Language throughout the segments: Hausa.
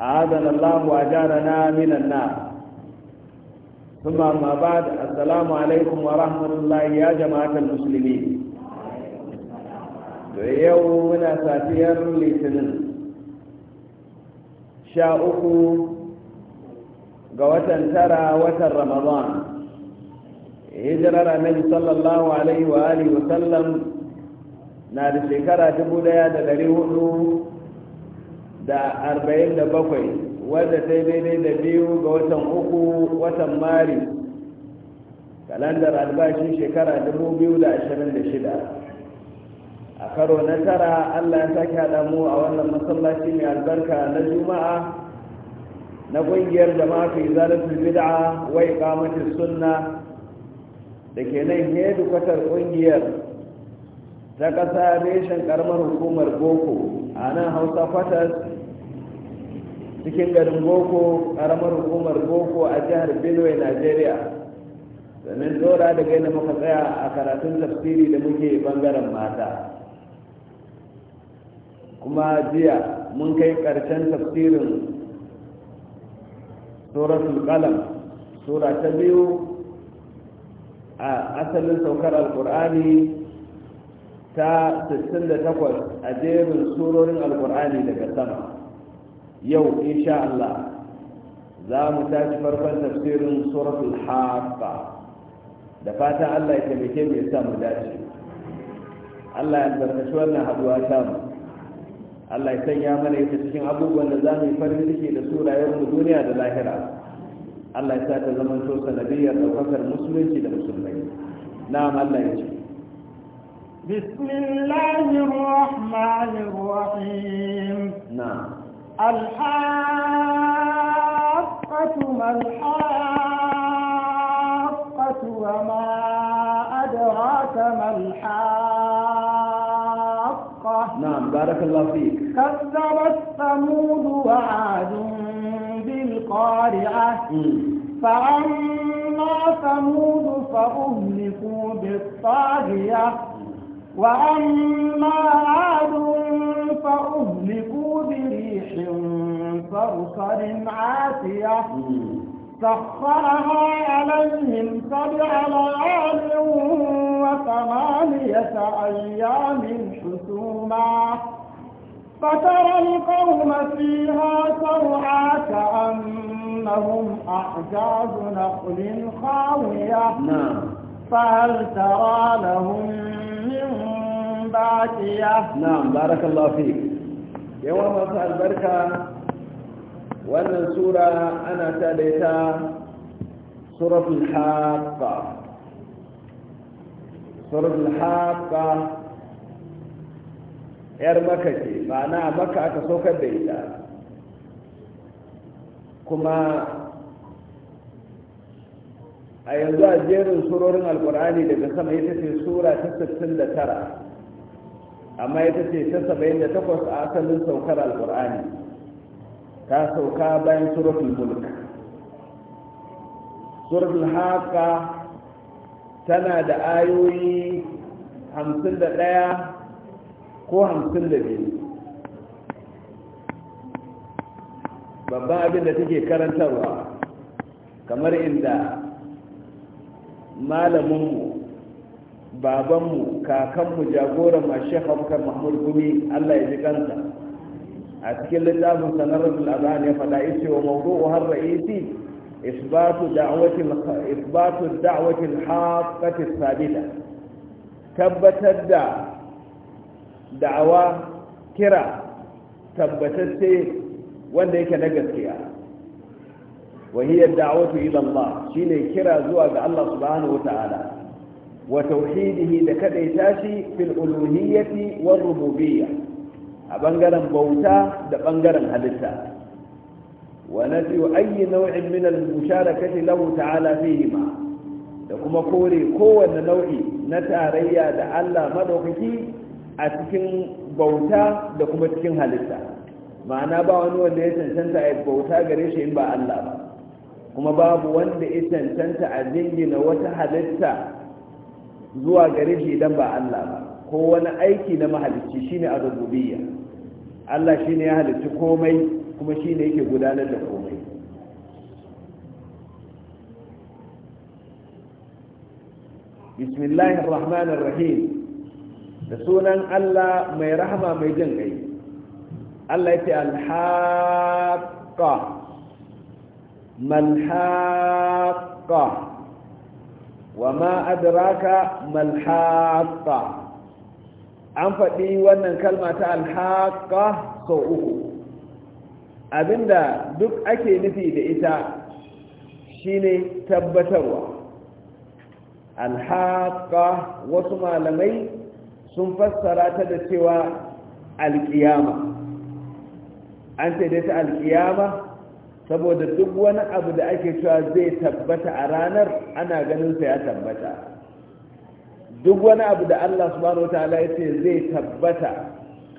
أعاذنا الله وأجارنا من النار ثم ما بعد السلام عليكم ورحمة الله يا جماعة المسلمين yau muna safiyar litinin sha uku ga watan tara watan ramadan hijirar annabi sallallahu alaihi wa alihi na da shekara dubu ɗaya da dari hudu da arba'in da bakwai wadda ta daidai da biyu ga watan uku watan mari kalandar albashin shekara dubu biyu da ashirin da shida a karo na tara allah ya sake haɗa mu a wannan masallaci mai albarka na juma'a na ƙungiyar jama'a fi zarafin bid'a wai iqamati sunna da ke nan hedikwatar ƙungiyar ta ƙasa reshen ƙaramar hukumar boko a nan hausa fatas cikin garin boko karamar hukumar boko a jihar benue nigeria domin tsora daga gaina muka tsaya a karatun tafsiri da muke bangaren mata kuma jiya mun kai karshen tafsirin suratul kalam sura ta biyu a asalin saukar alkur'ani ta 68 a jerin surorin alkur'ani daga sama yau insha Allah za mu tashi farkon tafsirin suratul haqqa da fatan Allah ya taimake mu ya sa mu dace Allah ya albarkaci wannan haduwa ta mu Allah ya sanya mana ita cikin abubuwan da za mu yi farin ciki da su rayuwar mu duniya da lahira Allah ya sa ta zama to sanadiyyar daukakar musulunci da musulmai na'am Allah ya ce بسم الله الرحمن الرحيم نعم الحاقة ما الحاقة وما أدراك ما الحاقة نعم بارك الله فيك كذبت ثمود وعاد بالقارعة فأما ثمود فأهلكوا بالطاغية وأما عاد فأهلكوا بريح صرصر عاتية سخرها عليهم سبع ليال وثمانية أيام حسوما فترى القوم فيها سرعى كأنهم أعجاز نخل خاوية نعم فهل ترى لهم من باكية نعم بارك الله فيك yawa masu albarka wannan sura ana ta da ita suratul haqqa suratul yar maka ce ma'ana maka aka saukar da ita kuma a yanzu a jerin surorin alkur'ani daga sama ita ce sura ta 69 amma ita ce ta saba'in da takwas a asalin saukar alkur'ani ta sauka bayan surafin mulk surafin haka tana da ayoyi hamsin da ɗaya ko hamsin da biyu babban abin da take karantarwa kamar inda malaminmu babanmu kakanmu jagoran mashe abubakar mahmud gumi allah ya ji kansa a cikin littafin sanar al'adhan ya faɗa ishe wa mawdu'u har ra'isi isbatu da'awati al sabida. tabbatar da da'awa kira tabbatacce wanda yake na gaskiya wa da'awatu ila shine kira zuwa ga Allah subhanahu wa ta'ala وتوحيده لكدي تاشي في الألوهية والربوبية أبنغرا بوتا دبنغرا حدثا ونفي أي نوع من المشاركة له تعالى فيهما لكما كوري كون نوعي نتاريا دعلا مدوكي أتكن بوتا لكما تكن حدثا ma'ana ba wani wanda ya cancanta a bauta gare shi in ba Allah ba kuma babu wanda ya cancanta a jingina wata halitta zuwa gare shi idan ba Allah ba ko wani aiki na mahalicci shine ar-rububiyya Allah shine ya halicci komai kuma shine yake gudanar da komai bismillahir rahmanir rahim da sunan Allah mai rahama mai jin kai Allah yake al-haqqa wa ma adraka an faɗi wannan kalma ta alhaqa sau uku abinda duk ake nufi da ita shine tabbatarwa alhaqa wasu malamai sun fassara ta da cewa alkiyama an ce da ta alƙiyama saboda duk wani abu da ake cewa zai tabbata a ranar ana ganin sa ya tabbata duk wani abu da Allah subhanahu wataala ya ce zai tabbata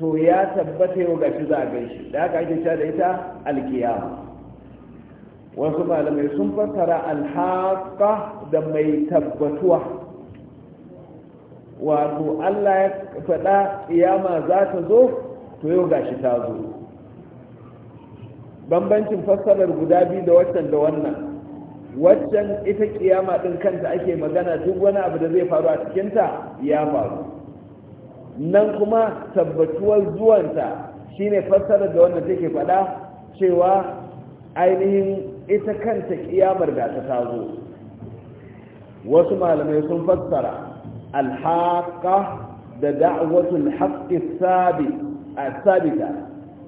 to ya tabbata yau gashi za a gan shi da haka ake cewa da ita alkiyama wasu malamai sun fassara alhaka da mai tabbatuwa wato Allah ya faɗa kiyama za ta zo to yau gashi ta zo bambancin fassarar guda biyu da waccan da wannan waccan ita kiyama din kanta ake magana duk wani abu da zai faru a cikinta ya faru nan kuma tabbatuwar zuwanta shine fassarar da wannan take faɗa cewa ainihin ita kanta kiyamar da ta tazo wasu malamai sun fassara alhaka da da'watul haqqi sabita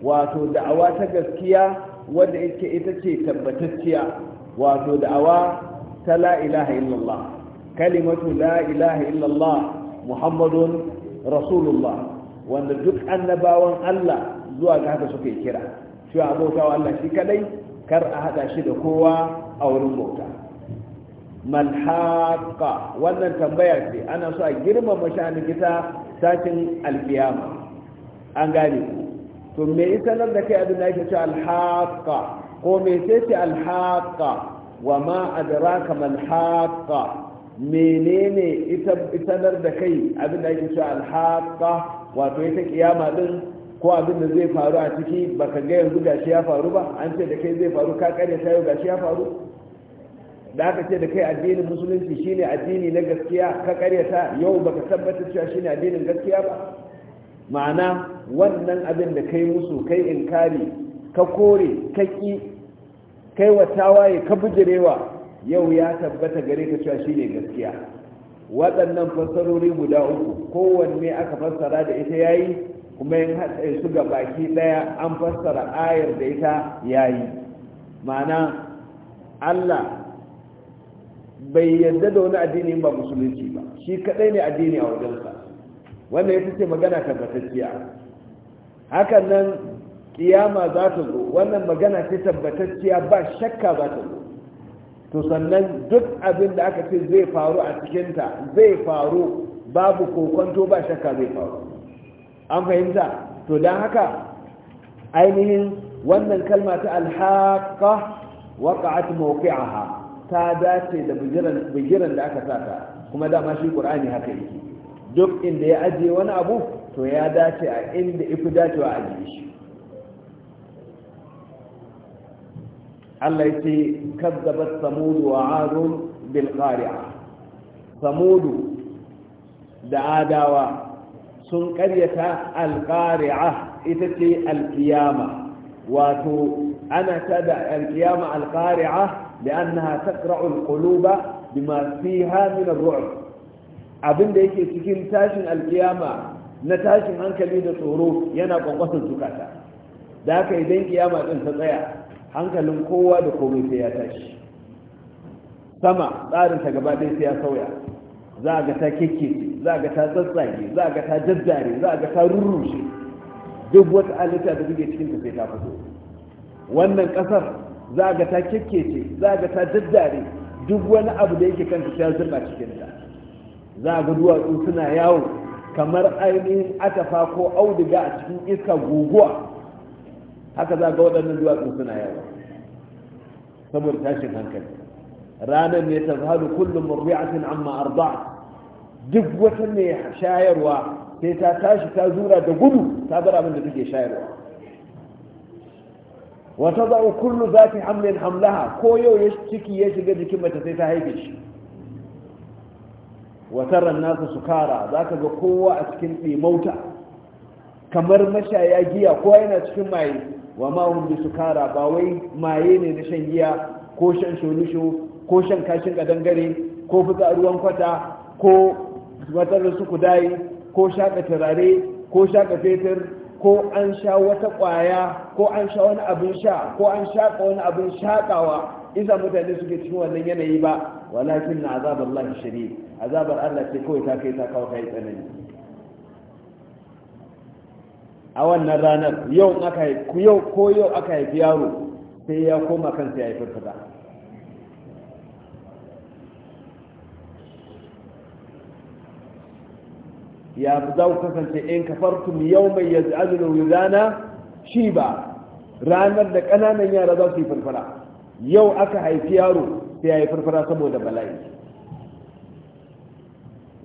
wato da'awa ta gaskiya wadda yake ita ce tabbatacciya wato da'awa ta la ilaha illallah kalimatu la ilaha illallah muhammadun rasulullah wanda duk annabawan Allah zuwa ga haka suka yi kira cewa abokawa Allah shi kadai kar a hada shi da kowa a wurin bauta haƙa wannan tambaya ce ana so a girmama sha'anin kita satin alkiyama an gane ku to me yi nan da kai abin da ake ce alhaƙa? ko me sai ce alhaƙa? wa ma adraka mal haqa menene ita nan da kai abin da ake ce alhaƙa wato ita kiyama din ko abin da zai faru a ciki baka ga yanzu gashi ya faru ba an ce da kai zai faru ka kare ta yau gashi ya faru da aka ce da kai addinin musulunci shine addini na gaskiya ka kare ta yau baka tabbatar cewa shine addinin gaskiya ba ma'ana wannan abin da kai musu kai inkari ka kore ka ƙi kai wa tawaye ka bujirewa yau ya tabbata gare ka cewa shi ne gaskiya waɗannan fassarori guda uku kowanne aka fassara da ita yayi kuma yin haɗa su ga baki ɗaya an fassara ayar da ita yayi ma'ana allah bai yarda da wani addini ba musulunci ba shi kaɗai ne addini a wajen wajensa wannan ita ce magana tabbatacciya hakan nan kiyama za ta zo wannan magana ce tabbatacciya ba shakka za ta zo to sannan duk abin da aka ce zai faru a cikinta zai faru babu kokonto ba shakka zai faru an fahimta to don haka ainihin wannan kalma ta alhaka waƙa'at mawqi'aha ta dace da bigiran da aka ta kuma dama shi qur'ani haka yake duk inda ya ajiye wani abu to ya dace a inda ifi dacewa a ajiye shi Allah ya ce kazzabat samudu wa adun bil qari'a samudu da adawa sun karyata al qari'a ita ce al qiyama wato ana tada al qiyama al qari'a لأنها تقرع القلوب بما فيها من الرعب abin da yake cikin tashin alkiyama na tashin hankali da tsoro yana kwankwasar zukata da haka idan kiyama din ta tsaya hankalin kowa da komai sai ya tashi sama tsarin ta gaba ɗaya sai ya sauya za a ga ta keke, za a ga ta tsatsage za a ga ta jaddare za a ga ta rurrushe duk wata halitta da take cikin ta sai ta fito wannan kasar za a ga ta ce, za a ga ta jaddare duk wani abu da yake kanta sai ya zurba cikin ta za a ga duwatsu suna yawo kamar ainihin atafa ko auduga a cikin iska guguwa haka za ga waɗannan duwatsu suna yawo saboda tashin hankali ranar ne ta zahalu kullum murbi'atin amma arba duk wata mai shayarwa sai ta tashi ta zura da gudu ta bar abin da take shayarwa wata za'u kullu yi hamlin hamlaha ko yau ciki ya shiga jikin mace sai ta haife shi wataran nasa sukara za ka ga kowa a cikin ɗimauta kamar mashaya giya kowa yana cikin maye wa ma'un bi sukara ba wai maye ne na shan giya ko shan sholisho ko shan kashin kadangare ko fita ruwan kwata ko matar su kudayi ko shaka turare ko shaka fetur ko an sha wata ƙwaya ko an sha wani abin sha ko an shaƙa wani abin shaƙawa isa mutane suke cikin wannan yanayi ba walakin na azabar Allah shiri azabar Allah ce kawai ta kai ta kawo kai tsanani a wannan ranar yau aka yau ko yau aka haifi yaro sai ya koma kansa ya yi firfita ya fi za ku kasance in ka kafartum yau mai yanzu yaz'alul wizana shi ba ranar da ƙananan yara za su yi firfira yau aka haifi yaro sai ya yi farfara saboda bala'i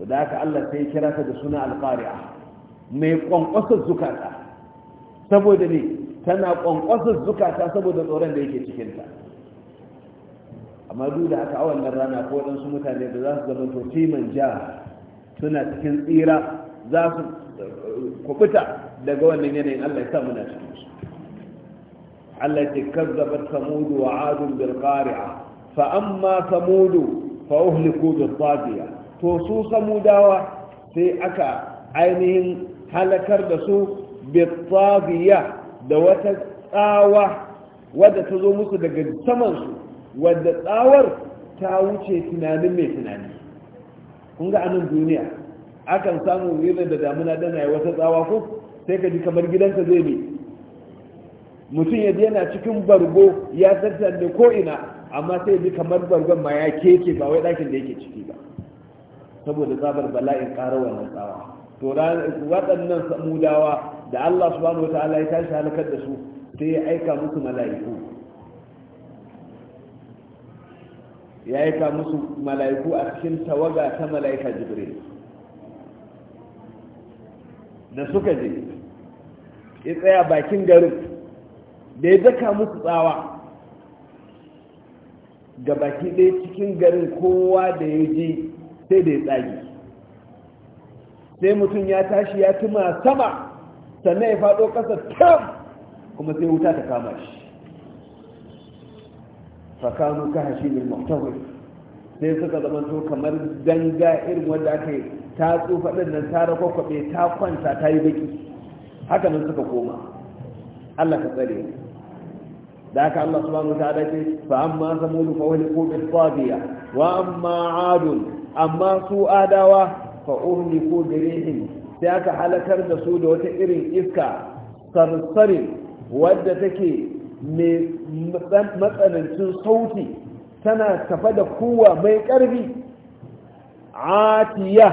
da haka Allah sai kira ta da suna alƙari'a mai ƙwanƙwasar zukata saboda ne tana ƙwanƙwasar zukata saboda tsoron da yake cikinta amma duk da haka a wannan rana ko waɗansu mutane da za su zama to timan ja suna cikin tsira za su eh, kubuta daga wannan yanayin Allah ya sa muna shi التي كذبت ثمود وعاد بالقارعة فأما ثمود فأهلكوا بالطاغية توسو ثموداوة في أكا عينهم هلكر دسو بالطاغية دوت تساوة ودى تزو مصر دقل سمنسو ودى تساور تاوشي تنانين مي تنانين kunga anan duniya akan samu yana da damuna dana ya wata tsawa ko sai ka ji kamar gidanka zai ne mutum ya yana cikin bargo ya tattale ko'ina, koina amma sai ji kamar bargon ma ya keke ba wai ɗakin da yake ciki ba saboda tsabar bala'in ƙara wannan tsawa to waɗannan samudawa da Allah subhanahu wa ta'ala ya tashi halakar da su sai ya aika musu mala'iku ya aika musu mala'iku a cikin tawaga ta mala'ika jibril da suka je ya tsaya bakin garin da ya daka musu tsawa ga baki ɗaya cikin garin kowa da ya je sai da ya tsage sai mutum ya tashi ya tuma sama sannan ya faɗo ƙasa tam kuma sai wuta ta kama shi fakanu ka hashi ne mahtawai sai suka zamanto kamar danga irin wanda aka yi ta tsufa ɗin nan ta rakwakwaɓe ta kwanta ta yi baki haka nan suka koma allah ka tsare da haka Allah subhanahu wa ta'ala ce fa amma samud fa uhliku bi taghiya wa amma ad amma su adawa fa uhliku bi rihin sai aka halakar da su da wata irin iska sarsarin wadda take mai matsanancin sauti tana tafa da kuwa mai ƙarfi atiya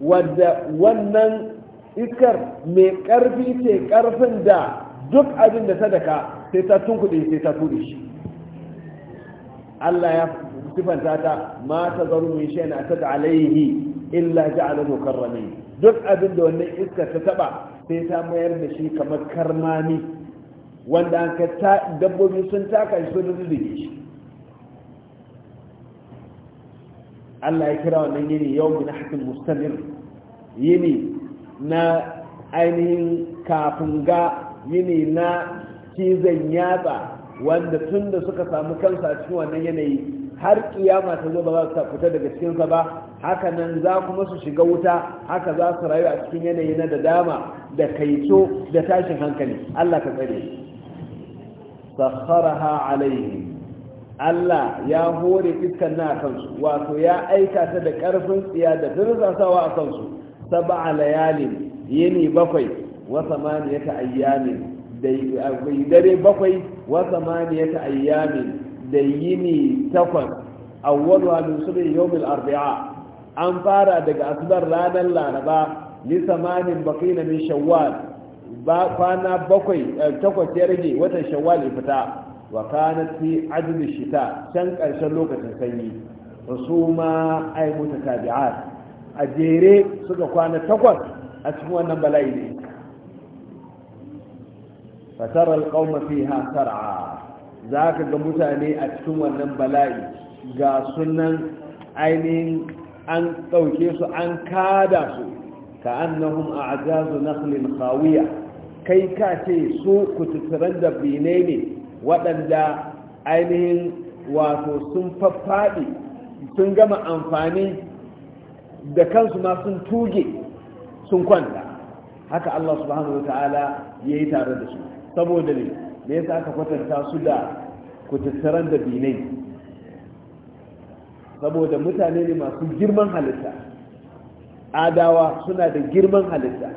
wadda wannan iskar mai ƙarfi ce ƙarfin da duk abinda da ta daka sai ta tunkuɗe sai ta tuɗe shi Allah ya sifanta ta ma ta zaru min shay'in atat alayhi illa ja'alahu karrami duk abin da wannan iska ta taɓa, sai ta mayar da shi kamar karmami wanda an ka ta dabbobi sun taka shi sun rubuce shi Allah ya kira wannan yini yawmin hakim mustamir yini na ainihin kafin ga yini na cizon yatsa wanda tun da suka samu kansa a cikin wannan yanayi har kiyama ta zo ba za su fita daga cikinsa ba haka nan za kuma su shiga wuta haka za su rayu a cikin yanayi na da dadama da kaito da tashin hankali Allah ka tsare sakharaha alaihi Allah ya hore iskan na kansu wato ya aika ta da karfin tsiya da dirzasawa a kansu sab'a layalin yini bakwai wa samaniyata ayyamin dare bakwai wa samaniyata ayyamin da yini takwas a awwaluha min subhi yawmil arba'a an fara daga asbar ranar laraba li samanin na min shawwal ba kwana bakwai eh, takwas ya rage watan shawwal ya fita wa kanat fi ajin shita can ƙarshen lokacin sanyi rusuma ay mutatabi'at a jere suka kwana takwas a cikin wannan bala'i ne fatara alqauma fiha Za zaka ga mutane a cikin wannan bala'i ga sunan ainihin an ɗauke su an kada su ka a a'jazu nakhlin khawiya kai ka ce su kututturan da bine ne waɗanda ainihin wato sun faffaɗi sun gama amfani da kansu ma sun tuge sun kwanta haka Allah subhanahu wa ta'ala ya yi tare da su saboda ne da yasa aka kwatanta su da kutattaran da binai saboda mutane ne masu girman halitta adawa suna da girman halitta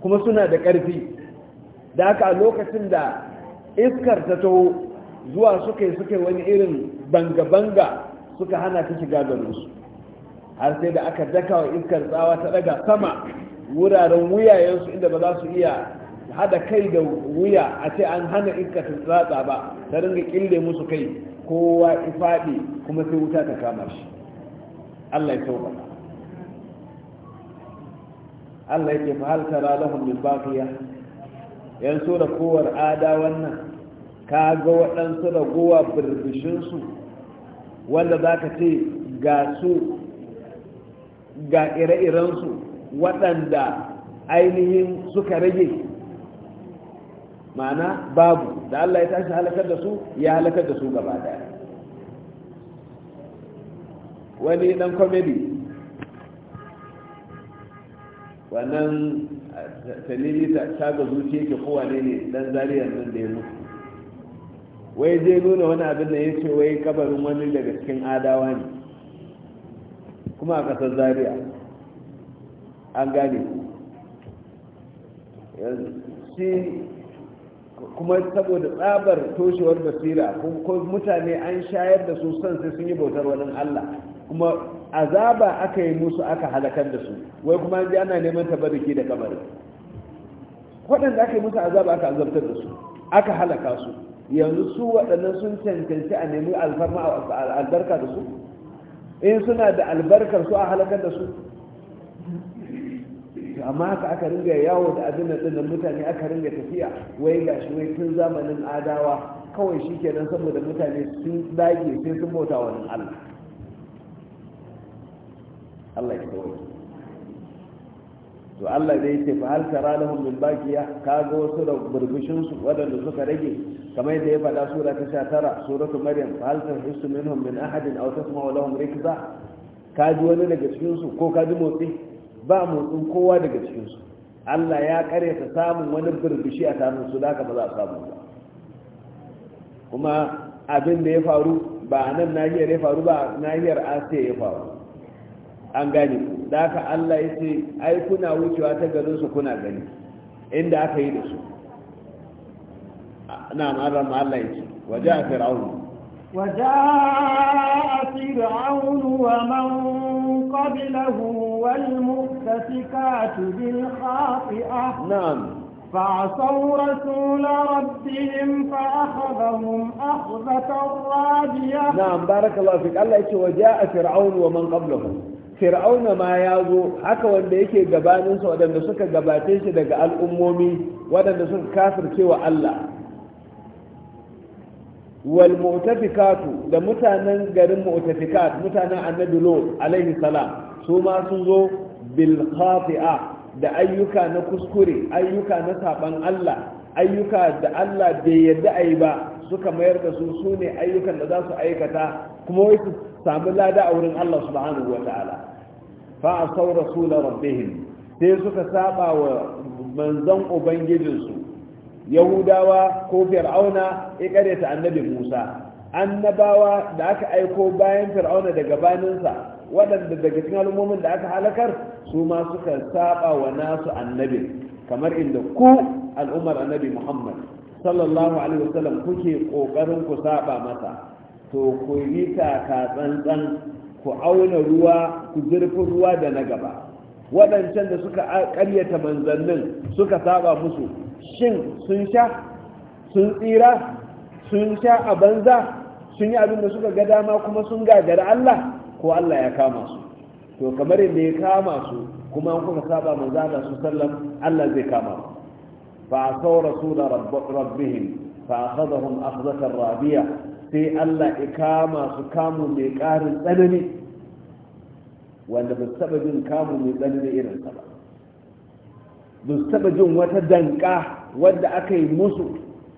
kuma suna da ƙarfi da aka a lokacin da iskar ta taho zuwa suka yi suka wani irin banga-banga suka hana ta shiga garinsu har sai da aka daka wa iskar tsawa ta daga sama wuraren wuyayensu inda ba za su iya hada kai da wuya a ce an hana iska ta tsatsa ba ta ringa kille musu kai kowa ifaɗi kuma sai wuta ta kama shi Allah ya tauba Allah yake fa hal tara lahum min baqiya yan sura da kowar ada wannan ka ga waɗansu ragowa birbishin su wanda zaka ce ga su ga ire-irensu waɗanda ainihin suka rage ma'ana babu da Allah ya tashi halakar da su ya halakar da su gaba daya wani dan comedy wannan talili ta ga zuci yake kowa ne dan zariyar nan da ya mutu wai je nuna wani abin da ya ce wai kabarin wani daga cikin adawa ne kuma a kasar zariya an gane shi kuma saboda tsabar toshewar basira ko mutane an shayar da su san sai sun yi bautar wani Allah kuma azaba aka yi musu aka halakar da su wai kuma an ji ana neman tabariki da kabarin waɗanda aka yi musu azaba aka azabtar da su aka halaka su yanzu su waɗannan sun cancanci a nemi alfarma albarka da su in suna da albarkar su a halakar da su to amma haka aka ringa yawo da abin da dinnan mutane aka ringa tafiya wai ga shi wai tun zamanin adawa kawai shi kenan saboda mutane sun dage sai sun bauta wa Allah Allah ya kawai to Allah zai ce fa hal ranahun min min baqiya ga wasu da burbushin su suka rage kamar da ya faɗa sura ta 19 suratul maryam fa hal tarhisu minhum min ahadin aw tasma'u lahum rikza ji wani daga cikin su ko ji motsi ba motsin kowa daga cikinsu Allah ya karyata samun wani burbushi a samun su da ba za a samu ba kuma abin da ya faru ba nan nahiyar ya faru ba nahiyar asiya ya faru an gane ku da haka Allah ya ce ai kuna wucewa ta garin su kuna gani inda aka yi da su na ma'arar Allah ya ce waje a fir'aunu وجاء فرعون ومن قبله والمؤتفكات بالخاطئة نعم فعصوا رسول ربهم فأخذهم أخذة رابية نعم بارك الله فيك الله يقول وجاء فرعون ومن قبله fir'auna ma ya zo haka wanda yake gabaninsa waɗanda suka gabace shi daga al'ummomi waɗanda suka kafirce wa Allah wal mu'tafikatu da mutanen garin mu'tafikat mutanen annabi lo alaihi salam su ma sun zo bil khati'a da ayyuka na kuskure ayyuka na saban Allah ayyuka da Allah bai yarda a yi ba suka mayar da su sune ayyukan da za su aikata kuma wai su samu lada a wurin Allah subhanahu wa ta'ala fa asaw rasul rabbihim sai suka saba wa manzon ubangijinsu yahudawa ko fir'auna ya karyata annabi musa annabawa da aka aiko bayan fir'auna da gabaninsa waɗanda daga cikin al'ummomin da aka halakar su ma suka saba wa nasu annabi kamar inda ku al'ummar annabi muhammad sallallahu alaihi wasallam kuke kokarin ku saba masa to ku yi taka tsantsan ku auna ruwa ku zurfin ruwa da na gaba waɗancan da suka ƙaryata manzannin suka saba musu shin sun sha sun tsira sun sha a banza sun yi abin da suka ga dama kuma sun gagara Allah ko Allah ya kama su to kamar yadda ya kama su kuma an kuka saba manzo Allah su sallam Allah zai kama su fa saw rasul rabbihim fa akhadhahum akhdhatan rabiya sai Allah ya kama su kamu mai karin tsanani wanda ba saba jin kamu mai tsanani irin sa ba ba su taɓa jin wata danka wadda aka yi musu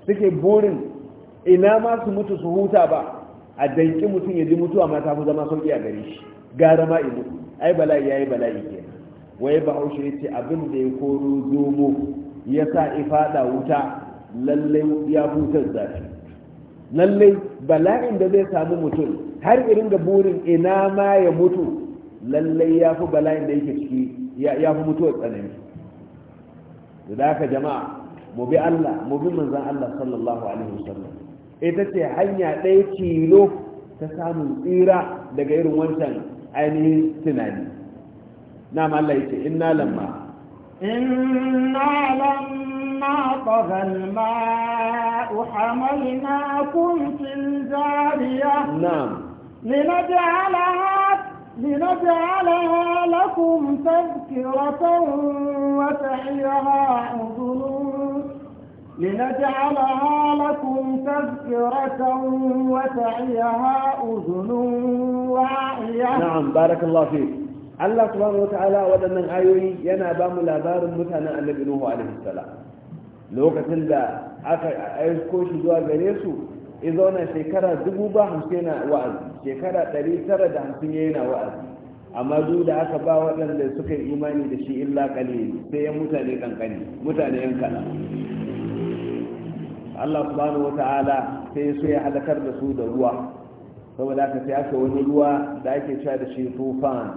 suke burin ina ma su mutu su huta ba a danki mutum ya ji mutuwa ma ta fi zama sauƙi a gare shi gara ma ilu ai bala'i ya yi bala'i ke. waye ba haushe ya ce abin da ya koro zomo ya sa ifada wuta lallai ya hutar zafi lallai bala'in da zai samu mutum har irin da burin ina ma ya mutu lallai ya fi bala'in da yake ciki ya fi mutuwar tsanani da haka jama'a mu bi Allah mu bi manzon Allah sallallahu alaihi wasallam ita ce hanya ɗaya tilo ta samun tsira daga irin wancan ainihin tunani na Allah yace inna lamma inna lamma tagal ma hamalnakum fil zariya na'am linaj'alaha لنجعلها لكم تذكرة وتعيها أذن لنجعلها لكم تذكرة وتعيها أذن واعية نعم بارك الله فيك Allah subhanahu wa ta'ala waɗannan ayoyi yana ba mu labarin mutanen annabi Nuhu alaihi salam lokacin da aka aiko shi zuwa gare su ya zauna shekara dubu ba hamsin yana wa'azi shekara ɗari tara da hamsin ya yana wa'azi amma duk da aka ba waɗanda suka yi imani da shi illa kalil sai ya mutane kankani mutane yan kala Allah subhanahu ta'ala sai su ya halakar da su da ruwa saboda aka sai aka wani ruwa da ake cewa da shi tufan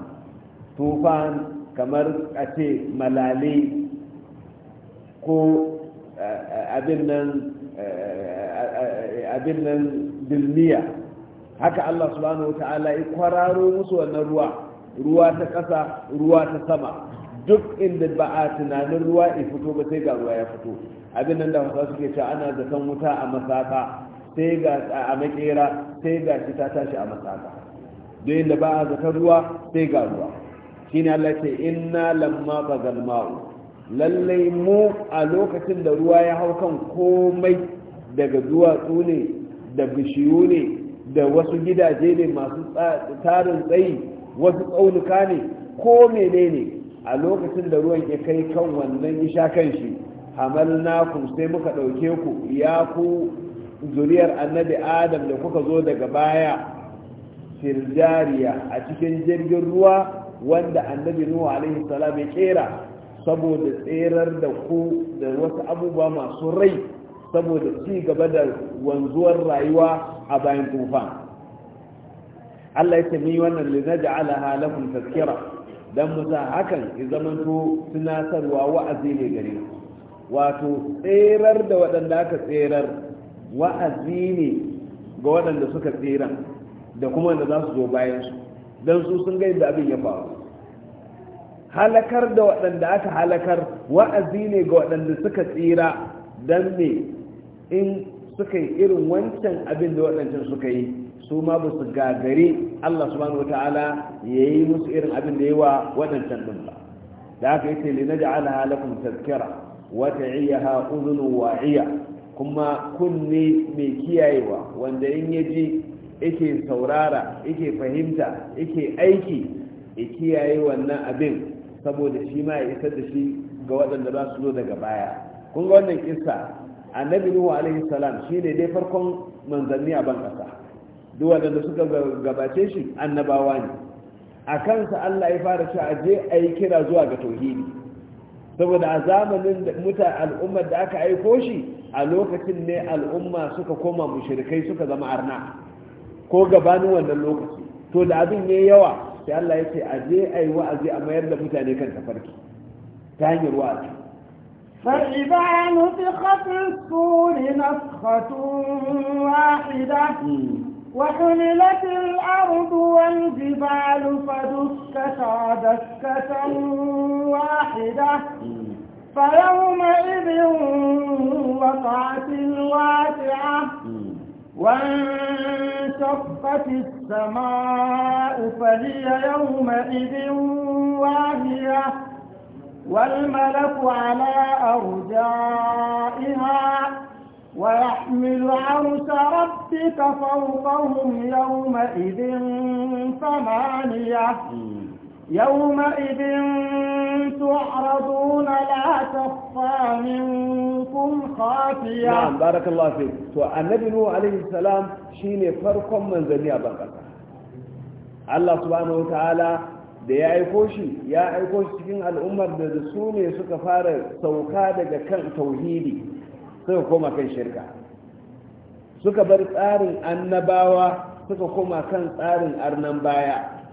tufan kamar a ce malale ko eh, eh, abin nan eh, abin nan dilmiya haka Allah subhanahu wata'ala ya kwararo musu wannan ruwa ruwa ta ƙasa ruwa ta sama duk inda ba a tunanin ruwa ya fito ba sai ga ruwa ya fito abin nan da wasa suke cewa ana zaton wuta a masaka sai ga a makera sai ga shi ta tashi a masaka duk inda ba a zaton ruwa sai ga ruwa shine Allah ce inna lamma bagal ma'u lallai mu a lokacin da ruwa ya hau kan komai daga duwatsu ne da bishiyu ne da wasu gidaje ne masu tarin tsayi wasu tsaunuka ne ko menene a lokacin da ruwan ya kai kan wannan isha kan shi naku sai muka ɗauke ku ya ku zuriyar annabi adam da kuka zo daga baya firjariya a cikin jirgin ruwa wanda annabi nuhu alaihi salam ya kera saboda tserar da ku da wasu abubuwa masu rai saboda ci gaba da wanzuwar rayuwa a bayan tufan Allah ya ce ni wannan li naj'alaha lakum tazkira dan musa hakan ya zamanto tunatarwa wa'azi ne gare wato tserar da waɗanda aka tserar wa'azi ne ga waɗanda suka tseran da kuma wanda za su zo bayan su dan su sun ga yadda abin ya faru halakar da waɗanda aka halakar wa'azi ne ga waɗanda suka tsira don me in suka yi irin wancan abin da waɗancan suka yi su ma ba su gagari Allah subhanahu wata'ala ya yi musu irin abin da ya wa waɗancan ɗin ba da haka yace li naj'ala halakum tazkira wata ta'iyaha udhunu wa'iya kuma kunne mai kiyayewa wanda in ya ji yake saurara yake fahimta yake aiki ya kiyaye wannan abin saboda shi ma ya isar da shi ga waɗanda za su zo daga baya kun ga wannan kissa annabi nuhu alaihi salam shine dai farkon manzanni a ban kasa duk wadanda suka gabace shi annabawa ne a kansa Allah ya fara cewa je a yi kira zuwa ga tauhidi saboda a zamanin muta al'ummar da aka aiko shi a lokacin ne al'umma suka koma mushrikai suka zama arna ko gabanin wannan lokaci to da abin yayi yawa sai Allah ya ce a je a yi wa'azi a mayar da mutane kan tafarki ta hanyar wa'azi فإذا نفخ في الصور نفخة واحدة وحملت الأرض والجبال فدكتا دكة واحدة فيومئذ وقعت الواقعة وانشقت السماء فهي يومئذ واهية والملك على أرجائها ويحمل عرش ربك فوقهم يومئذ ثمانية يومئذ تعرضون لا تخفى منكم خافية نعم بارك الله فيك النبي نوح عليه السلام شيني فرق من زنيا بقى الله سبحانه وتعالى da ya aiko shi ya aiko shi cikin al'ummar da su ne suka fara sauka daga kan tauhidi suka koma kan shirka suka bar tsarin annabawa suka koma kan tsarin arnan baya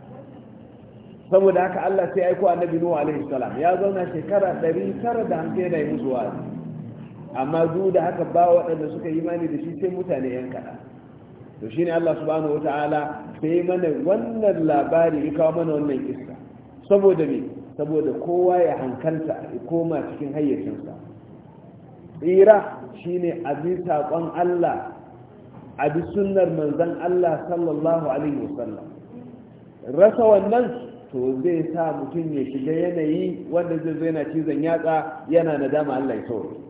saboda haka Allah sai aiko annabi Nuhu alaihi salam ya zauna shekara 950 yana yi zuwa amma duk da haka ba waɗanda suka yi imani da shi sai mutane yan kaɗan to shine Allah subhanahu wataala sai mana wannan labari ya kawo mana wannan kissa saboda me saboda kowa ya hankalta ya koma cikin hayyacinsa tsira shine abi saƙon Allah a bi sunnar manzon Allah sallallahu alaihi wasallam rasa wannan to zai sa mutum ya shiga yanayi wanda zai zo yana cizon yatsa yana nadama Allah ya sauraro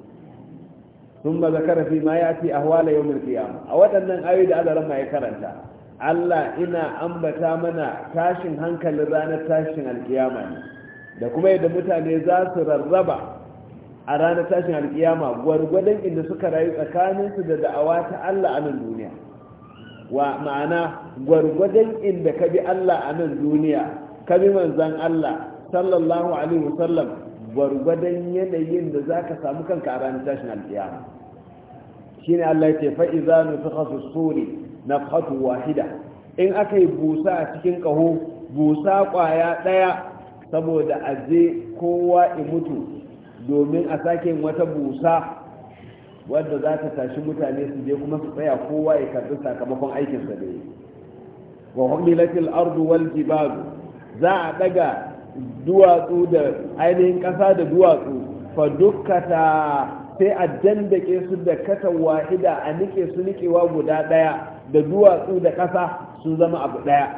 ثم ذكر فيما يأتي أهوال يوم القيامة أولا أيد هذا لما يكرنت Allah ina ambata mana tashin hankalin ranar tashin alkiyama ne da kuma yadda mutane za su rarraba a ranar tashin alkiyama gwargwadon inda suka rayu tsakaninsu da da'awa ta Allah a nan duniya wa ma'ana gwargwadon inda ka bi Allah a nan duniya ka bi manzan Allah sallallahu alaihi wasallam gwargwadon yanayin da za ka samu kanka a ranar tashin Shi ne Allah ya ce fa suka su fi na nafhatu wahida in aka yi busa a cikin kaho busa kwaya ɗaya. saboda aje kowa ya mutu domin a sake wata busa wadda za ta tashi mutane su je kuma su tsaya kowa ya karbi sakamakon aikinsa da yi wa humilatil ardu wal jibalu za a ɗaga. duwatsu da ainihin ƙasa da duwatsu fa dukkata sai a dandake su da kata wahida a nike su nikewa guda ɗaya da duwatsu da ƙasa sun zama abu ɗaya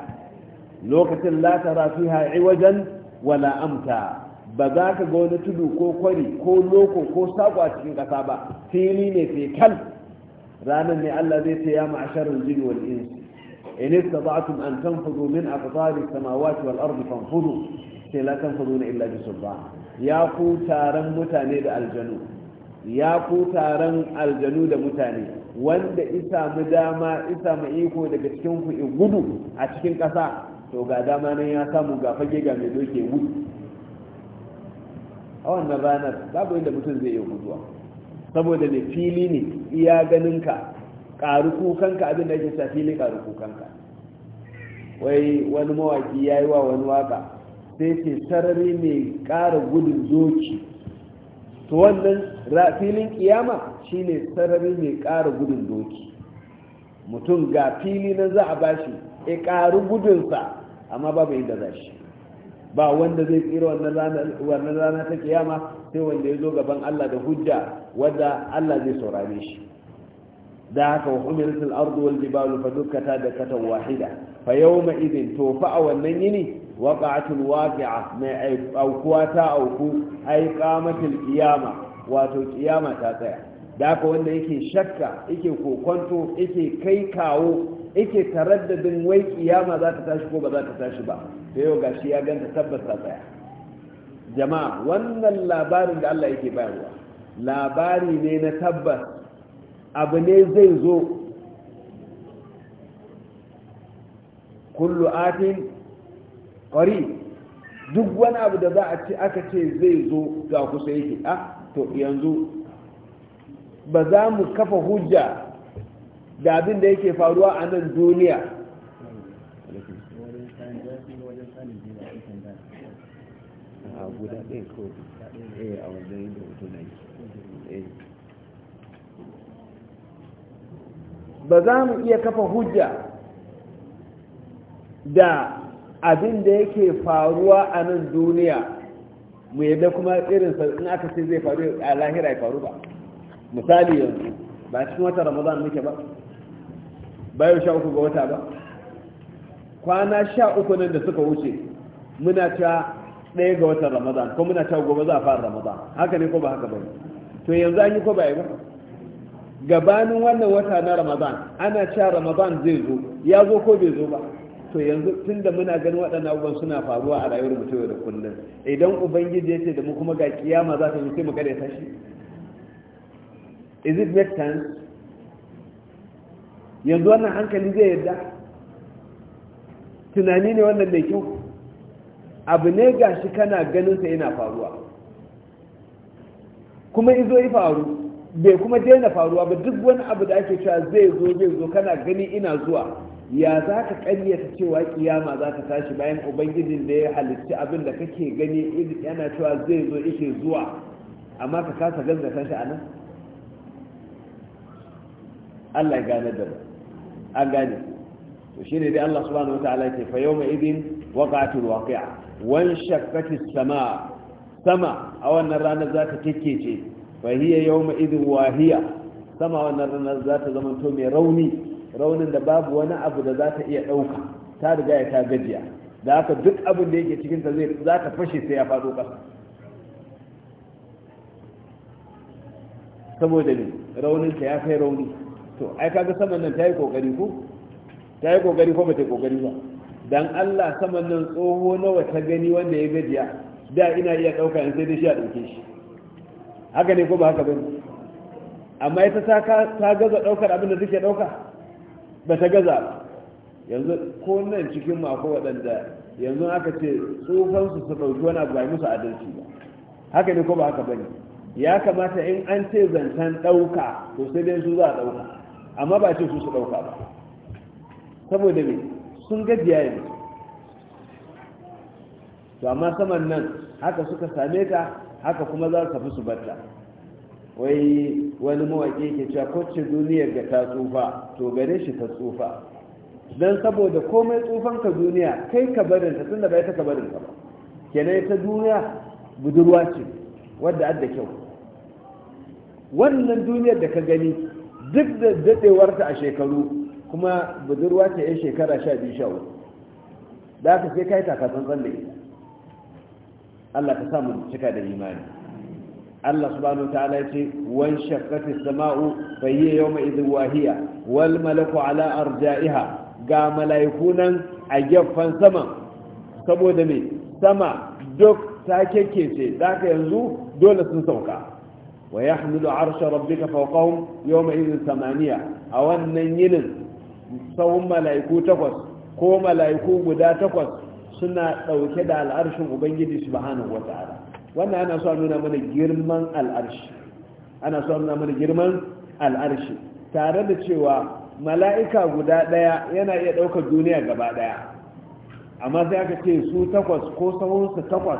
lokacin latara tara fiha wajen wala amta ba za ka ga wani tudu ko kwari ko loko ko saƙo a cikin ƙasa ba fili ne fekal ranar ne Allah zai ce ya ma'asharar jini wal insi in istata'tum an tanfudu min aqtari samawati wal ardi fudu ce la na illa bi ba ya ku taron mutane da aljanu ya ku taron aljanu da mutane wanda isa mu dama isa mu iko daga cikin ku in gudu a cikin ƙasa to ga dama nan ya samu ga fage ga mai doke gudu a wannan ranar babu inda mutum zai iya guduwa saboda ne fili ne iya karu ƙaru kukanka abin da yake sa fili ƙaru kukanka wai wani mawaki ya yi wa wani waka sai ce sarari mai ƙara gudun zoci to wannan filin kiyama shine sarari mai ƙara gudun doki mutum ga fili na za a bashi ya ƙari gudunsa amma babu inda za shi ba wanda zai tsira wannan rana ta kiyama sai wanda ya zo gaban Allah da hujja wadda Allah zai saurare shi da haka wa umiratul ardu wal jibalu dukkata da katan wahida fa yawma idin to fa a wannan yini waqa'atul waqi'a mai aukuwa ta auku aika qamatul wato ƙiyama ta tsaya da haka wanda yake shakka yake kokonto yake kai kawo yake taraddadin wai ƙiyama za ta tashi ko ba za ta tashi ba to yau shi ya ganta tabbas ta tsaya jama'a wannan labarin da Allah yake bayarwa labari ne na tabbas abu ne zai zo kullu atin ƙwari duk wani abu da za a ce aka ce zai zo ga kusa yake a to yanzu ba za mu kafa hujja da abin da yake faruwa a nan duniya eh. ba za mu iya kafa hujja da abin da yake faruwa a nan duniya mu yadda kuma irin in aka ce zai faru a lahira ya faru ba misali yanzu ba cikin wata ramadan muke ba bayan sha uku ga wata ba kwana sha uku nan da suka wuce muna ta ɗaya ga watan ramadan ko muna ta gobe za a fara ramadan haka ne ko ba haka ba to yanzu an yi ko ba yi ba gabanin wannan wata na ramadan ana cewa ramadan zai zo ya zo ko bai zo ba to yanzu tun da muna ganin waɗannan abubuwan suna faruwa a rayuwar mutum da kullum idan ubangiji ya ce da mu kuma ga kiyama za ta zo sai mu kada ta shi is it make sense yanzu wannan hankali zai yadda tunani ne wannan mai kyau abu ne ga shi kana ganin sa yana faruwa kuma izo yi faru bai kuma daina faruwa ba duk wani abu da ake cewa zai zo zai zo kana gani ina zuwa ya za ka ƙaryata cewa kiyama za ta tashi bayan ubangijin da ya halitta abin da kake gani yana cewa zai zo yake zuwa amma ka kasa kan shi a nan allah ya gane da mu an gane to shi ne dai allah subhanahu wa ta'ala ke fa yawma idin waqa'atul waqi'a wan shakkatis sama sama a wannan ranar za ta kekece fa hiya yawma idin wahiya sama wannan ranar za ta zama to mai rauni raunin da babu wani abu da za ta iya ɗauka ta riga ya ta gajiya da haka duk abin da yake cikinta zai za ta fashe sai ya faɗo ƙasa saboda ne rauninta ya kai rauni to ai kaga saman nan ta yi ƙoƙari ko ta yi ƙoƙari ko ba ta yi ƙoƙari ba dan Allah saman nan tsoho nawa ta gani wanda ya gajiya da ina iya ɗauka in sai dai shi a ɗauke shi haka ne ko ba haka ba amma ita ta gaza ɗaukar abin da take ɗauka ba ta gaza yanzu ko nan cikin mako waɗanda yanzu aka ce tsufansu su ɗauki wani abu ba musu adalci ba haka ne ko ba haka bane ya kamata in an ce zancen ɗauka to sai dai su za a ɗauka amma ba ce su su ɗauka ba saboda me sun gajiya yanzu to amma saman nan haka suka same ta haka kuma za su tafi su barta wai wani mawaƙi ke cewa ce duniyar ga ta tsufa to gare shi ta tsufa don saboda komai tsufan ka duniya kai ka barinta tun da bai ta ka ka ba kenan ta duniya budurwa ce wadda adda kyau wannan duniyar da ka gani duk da daɗewarta a shekaru kuma budurwa ce ya shekara sha biyu sha uku da aka sai kai takasan da ita Allah ka samu cika da imani Allah subhanahu wa ta'ala yace wan shaqqati samau fa hiya yawma idhin wahiya wal malaku ala arja'iha ga malaiku nan a gefen sama saboda me sama duk ta kekkece zaka yanzu dole sun sauka wa yahmilu arsha rabbika fawqahum yawma idhin samaniya a wannan yinin tsawon malaiku takwas ko malaiku guda takwas suna dauke da al'arshin ubangiji subhanahu wa ta'ala wannan ana so a nuna mana girman al'arshi ana so nuna mana girman al'arshi tare da cewa mala'ika guda ɗaya yana iya ɗaukar duniya gaba ɗaya amma sai aka ce su takwas ko sahunsu takwas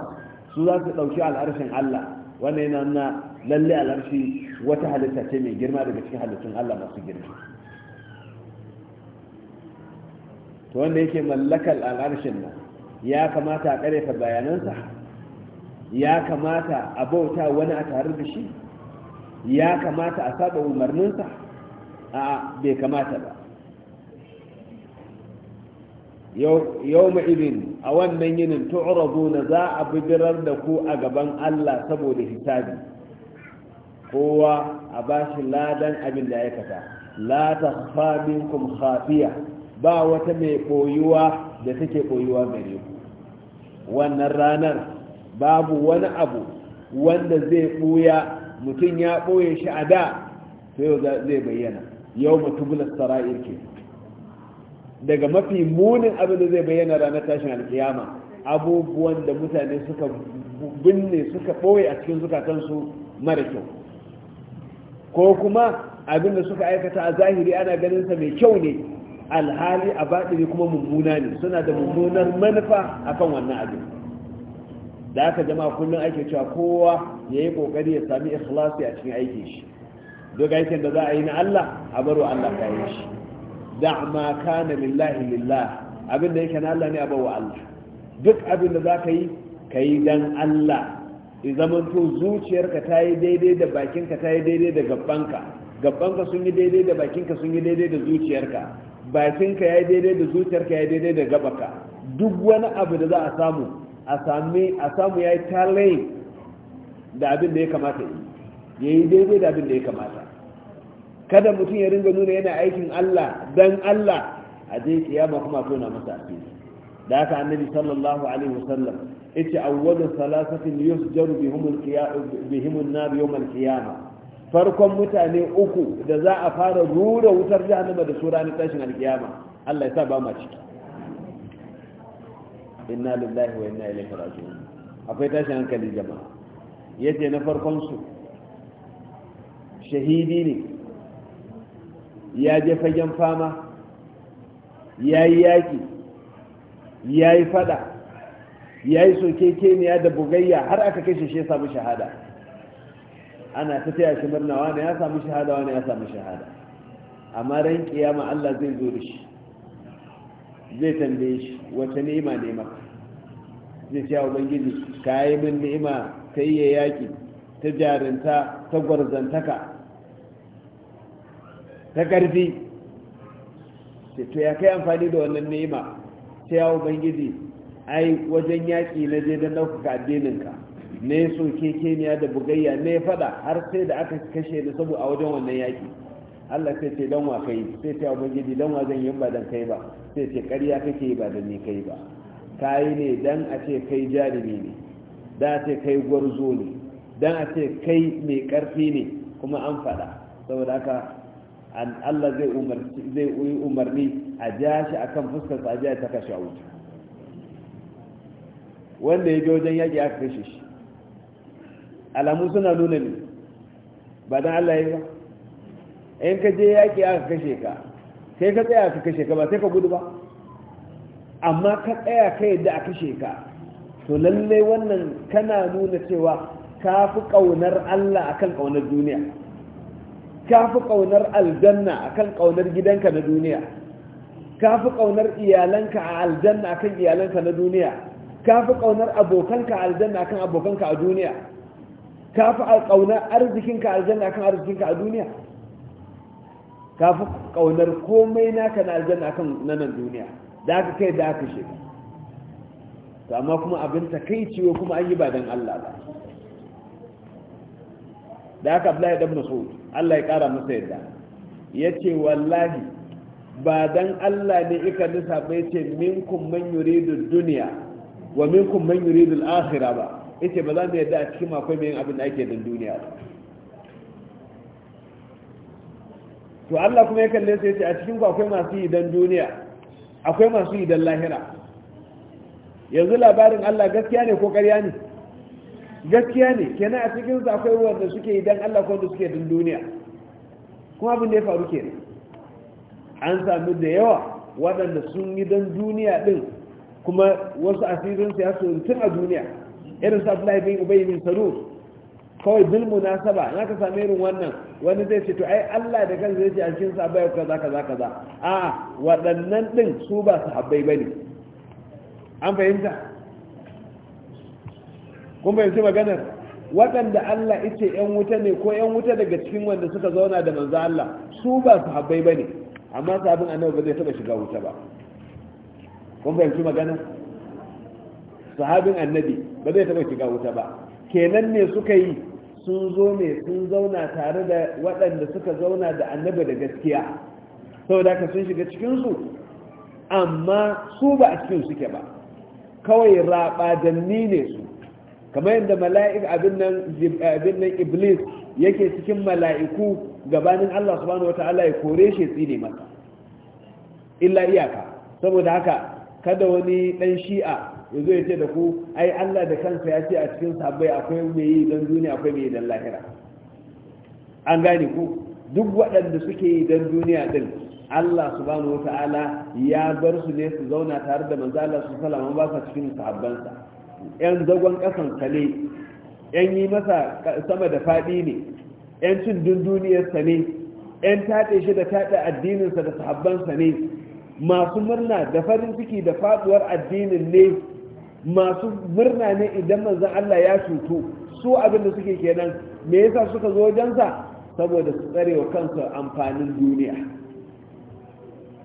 su za su ɗauki al'arshin Allah wannan yana nuna lalle al'arshi wata halitta ce mai girma daga cikin halittun Allah masu girma to wanda yake mallakar al'arshin nan ya kamata a ƙarefa bayanansa ya kamata a bauta wani a tare da shi ya kamata a saba umarninsa a bai kamata ba yau ma'izin a wannan yinin tu'razu na za a bidirar da ku a gaban Allah saboda hisabi kowa a bashi ladan abin da aikata la takhfa minkum khafiya ba wata mai koyuwa da take koyuwa gare ku wannan ranar babu wani abu wanda zai ɓuya mutum ya ɓoye shi a da sai zai bayyana yau mutubular sara'ir ke daga mafi munin abin da zai bayyana ranar tashin alkiyama abubuwan da mutane suka binne suka ɓoye a cikin zukatansu mara kyau ko kuma abin da suka aikata a zahiri ana ganin sa mai kyau ne alhali a baɗiri kuma mummuna ne suna da mummunar manufa akan wannan abin da aka jama'a kullum ake cewa kowa ya yi kokari ya sami ikhlasi a cikin aikin shi duk aikin da za a yi na Allah a baro Allah ka yi shi da ma kana lillahi lillah abin da yake na Allah ne a bawa Allah duk abin da za ka yi ka yi dan Allah zaman to zuciyarka ta yi daidai da bakinka ta yi daidai da gabbanka gabbanka sun yi daidai da bakinka sun yi daidai da zuciyarka bakinka ya yi daidai da zuciyarka ya yi daidai da gabaka duk wani abu da za a samu a sami a samu ya yi talayin da abin da ya kamata yi ya yi daidai da abin da ya kamata kada mutum ya ringa nuna yana aikin Allah dan Allah a zai kiyama kuma na masa asiri da haka annabi sallallahu alaihi wasallam yace awwalu salasatin yusjaru bihum bihim an-nar yawm al-qiyama farkon mutane uku da za a fara rura wutar jahannama da su ranar tashin al Allah ya sa ba ma ciki inna lillahi wa inna ilaihi raji'un akwai tashin hankali jama'a yace na farkon su shahidi ne ya je fagen fama ya yi yaƙi ya yi fada ya yi sokekeniya da bugayya har aka kai shi shi ya samu shahada ana ta taya shi murna wani ya samu shahada wani ya samu shahada amma ran kiyama Allah zai zo da shi zai tambaye shi wata ni'ima ne maka zai ce bangiji ka yi min ni'ima ta iya yaƙi ta jarinta ta gwarzantaka ta ƙarfi to ya kai amfani da wannan ni'ima sai ya ubangiji ai wajen yaƙi na je don ɗaukaka addininka ne soke kekeniya da bugayya ne faɗa har sai da aka kashe ni saboda a wajen wannan yaƙi allah sai ce don wa kai sai ta ubangiji don wa zan yi ba don kai ba sai ce ƙarya kake ba da ni kai ba ka yi ne don a ce kai jarumi ne da a ce kai gwarzo ne don a ce kai mai ƙarfi ne kuma an faɗa saboda haka Allah zai umarni a ja shi a kan fuskarsa a ja ta kashe a wuta wanda ya je wajen yaƙi aka kashe shi alamu suna nuna ne ba don Allah ya yi ba in ka je yaƙi aka kashe ka sai ka tsaya ka kashe ka ba sai ka gudu ba amma ka tsaya ka yadda a kashe ka to lallai wannan kana nuna cewa ka fi ƙaunar Allah a kan ƙaunar duniya ka fi ƙaunar aljanna a kan ƙaunar gidanka na duniya ka fi ƙaunar iyalanka a aljanna a kan iyalanka na duniya ka fi ƙaunar abokanka a aljanna a kan abokanka a duniya ka fi ƙaunar arzikinka a aljanna a kan arzikinka a duniya ka fi ƙaunar komai naka na aljanna akan nanan duniya da aka kai da aka shiga to amma kuma abin ta ciwo, kuma an yi ba dan Allah ba da aka Abdullahi ibn so. Allah ya ƙara masa yadda Ya ce wallahi ba dan Allah ne ika nisa lissafa ce minkun man yuridu duniya, wa minkun man yuridu al ba ita ba za mu yadda a cikin akwai mai abin da ake dan duniya ba to Allah kuma ya kalle sai ya ce a cikin ku akwai masu yi dan duniya akwai masu yi dan lahira yanzu labarin Allah gaskiya ne ko ƙarya ne gaskiya ne kenan a cikin su akwai wanda suke yi dan Allah ko wanda suke dan duniya kuma abin da ya faru kenan an sami da yawa waɗanda sun yi dan duniya din kuma wasu asirin su ya tun a duniya irin sa Abdullahi bin Ubay bin Salul kawai bil munasaba na ka same irin wannan wani zai ce to ai Allah da kansa zai ce a cikin sa bai kaza kaza kaza a waɗannan din su ba su habbai bane an fahimta kun fahimci maganar waɗanda Allah yace yan wuta ne ko yan wuta daga cikin wanda suka zauna da manzo Allah su ba su habbai bane amma sahabin annabi ba zai taba shiga wuta ba kun fahimci maganar sahabin annabi ba zai taba shiga wuta ba kenan ne suka yi sun zo ne sun zauna tare da waɗanda suka zauna da annabi da gaskiya saboda ka sun shiga cikinsu amma su ba a cikin suke ba kawai raɓa raɓadanni ne su kamar yadda mala'ik abin nan iblis yake cikin mala'iku gabanin Allah subhanahu wata'ala ya kore shi tsine masa illa iyaka saboda haka kada wani ɗan shi'a ya zo ya ce da ku ai Allah da kansa ya ce a cikin sabbai akwai mai yi don duniya akwai mai yi don lahira an gane ku duk waɗanda suke yi don duniya din Allah subhanahu wata'ala ya bar su ne su zauna tare da manzo Allah su salama ba su cikin sahabbansa yan zagon kasan kale yan yi masa sama da faɗi ne yan cin dunduniyarsa ne yan taɗe shi da taɗe addininsa da sahabbansa ne masu murna da farin ciki da faduwar addinin ne masu murna ne idan manzon Allah ya cutu su abin da suke kenan me yasa suka zo wajensa saboda su tsare wa kansu amfanin duniya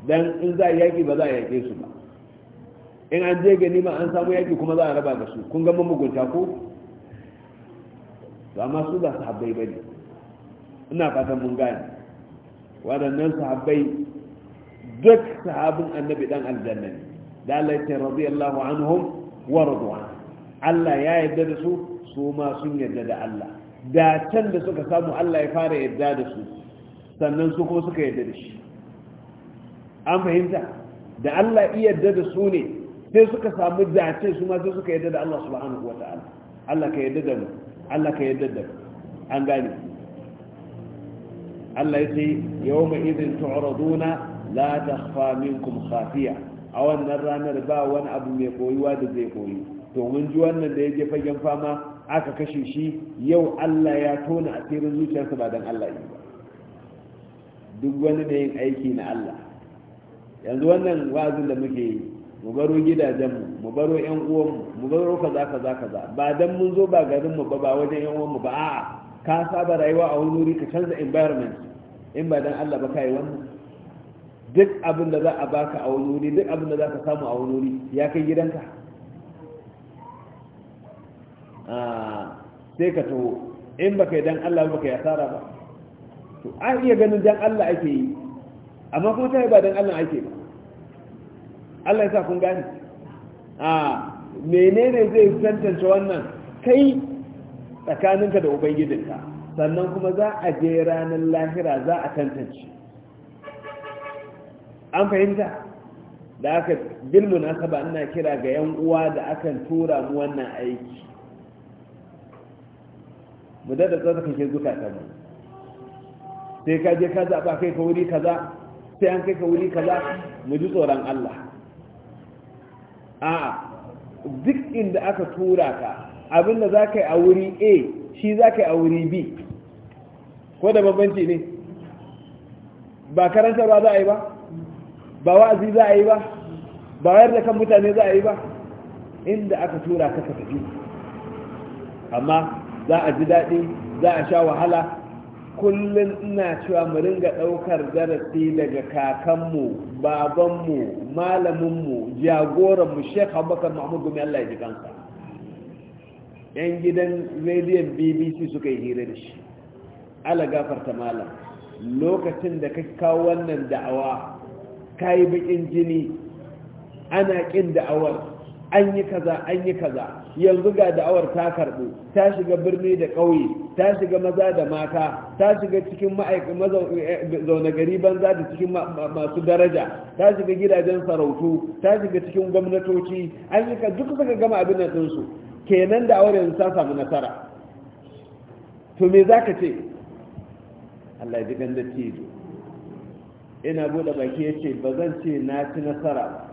dan in za a yaƙi ba za a yaƙe su ba in an je ma an samu yaki kuma za a raba da su kun ga mugunta ko ba ma su ba sahabbai bane ina fatan mun gane waɗannan sahabbai duk sahabin annabi dan aljanna ne da radiyallahu anhum wa radwan Allah ya yarda da su su ma sun yarda da Allah da can da suka samu Allah ya fara yarda da su sannan su ko suka yarda da shi an fahimta da Allah iya yarda da su ne sai suka samu dace su ma sai suka yarda da Allah subhanahu wa ta'ala Allah ka yarda da mu Allah ka yarda da mu an gane Allah ya ce yawma idin tu'raduna la takhfa minkum khafiya a wannan ranar ba wani abu mai koyuwa da zai koyi to mun ji wannan da yake fagen fama aka kashe shi yau Allah ya tona asirin zuciyarsa ba dan Allah yi ba duk wani da yin aiki na Allah yanzu wannan wazin da muke yi mu baro gidajenmu mu baro yan uwan mu baro kaza kaza kaza ba dan mun zo ba garin mu ba ba wajen yan mu ba a'a ka saba rayuwa a wani wuri ka canza environment in ba dan Allah ba kai wannan duk abin da za a baka a wani wuri duk abin da za ka samu a wani wuri ya kai gidanka ah, sai ka taho in baka yi dan Allah baka yi asara ba to an iya ganin dan Allah ake yi amma kuma ta ba dan Allah ake ba Allah ya sa kun gane a ah, menene zai tantance wannan kai tsakaninka da ubangijinka sannan kuma za a je ranar lahira za a tantance an fahimta da aka bil munasaba ina kira ga yan uwa da akan tura mu wannan aiki mu da tsaka kake ta mu sai ka je ka zaba kai ka wuri kaza sai an kai ka wuri kaza mu ji tsoron Allah a'a duk inda aka tura ka abinda za ka yi a wuri A shi za ka yi a wuri B ko da bambanci ne ba karanta ba za a yi ba ba wa'azi za a yi ba ba wayar da kan mutane za a yi ba inda aka tura ka ka tafi amma za a ji daɗi za a sha wahala kullum ina cewa mu ringa ɗaukar darasi daga kakanmu babanmu malaminmu jagoranmu shekha abubakar mahmud gumi allah ya ji kansa yan gidan rediyon bbc suka yi hira da shi ala gafarta malam lokacin da ka kawo wannan da'awa ta yi jini ana kin da'awar an yi kaza an yi kaza yanzu ga da'awar ta karɓu ta shiga birni da ƙauye ta shiga maza da mata ta shiga cikin eh, zaune gari banza da cikin masu daraja ta shiga gidajen sarautu ta shiga cikin gwamnatoci an yi duk suka gama abin nan ɗinsu kenan da'awar yanzu ta samu nasara to me za ka ce allah ji gan tijo ina bude baki yace ba zan ce na ci nasara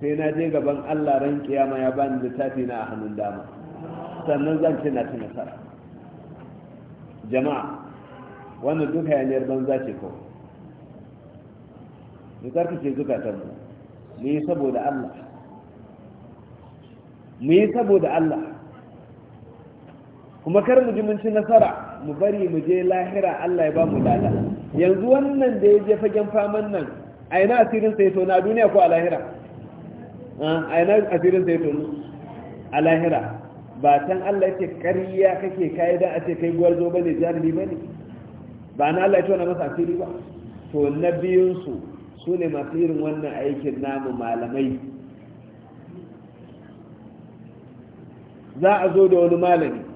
sai na je gaban Allah ran kiyama ya bani littafi na a hannun dama sannan zan ce na ci nasara jama'a wannan duk hayaniyar banza ce kawai mu karkace ta mu yi saboda Allah mu yi saboda Allah kuma kar mu ji mun ci nasara mu bari mu je lahira Allah ya ba mu lada yanzu wannan da ya je fagen faman nan a ina asirin sai to na duniya ko a lahira a ina asirin sai to a lahira ba tan Allah yake ce ƙarya kake kai da a kai kai gwarzo bane jarumi bane ba na Allah ya tona masa asiri ba to na su su ne masu irin wannan aikin namu malamai za a zo da wani malami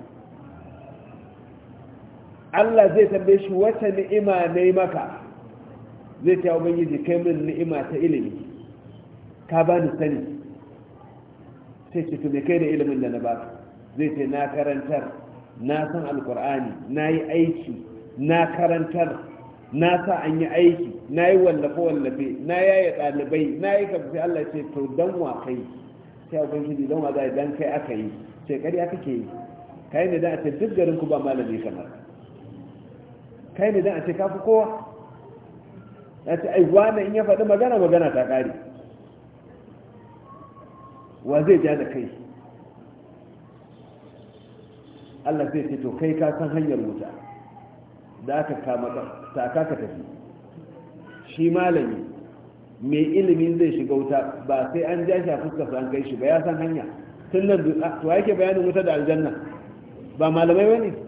Allah zai tambaye shi wata ni'ima ne maka zai ta ubangiji kai min ni'ima ta ilimi ka bani sani sai ce tume kai da ilimin da na ba zai ce na karantar na san alkur'ani na yi aiki na karantar na sa an yi aiki na yi wallafe-wallafe na yaya ɗalibai na yi kafin Allah ce to don wa kai sai ubangiji don wa za dan kai aka yi shekari aka ke yi kai ne da a ce duk garin ku ba malami kamar kai ne dan a ce fi kowa ya ce ai wane in ya faɗi magana magana ta ƙare wa zai ja da kai Allah zai ce to kai ka san hanyar wuta da aka kama ta ka tafi shi malami mai ilimin zai shiga wuta ba sai an ja shi a fuskar an kai shi ba ya san hanya tun nan to ake bayanin wuta da aljanna ba malamai ne?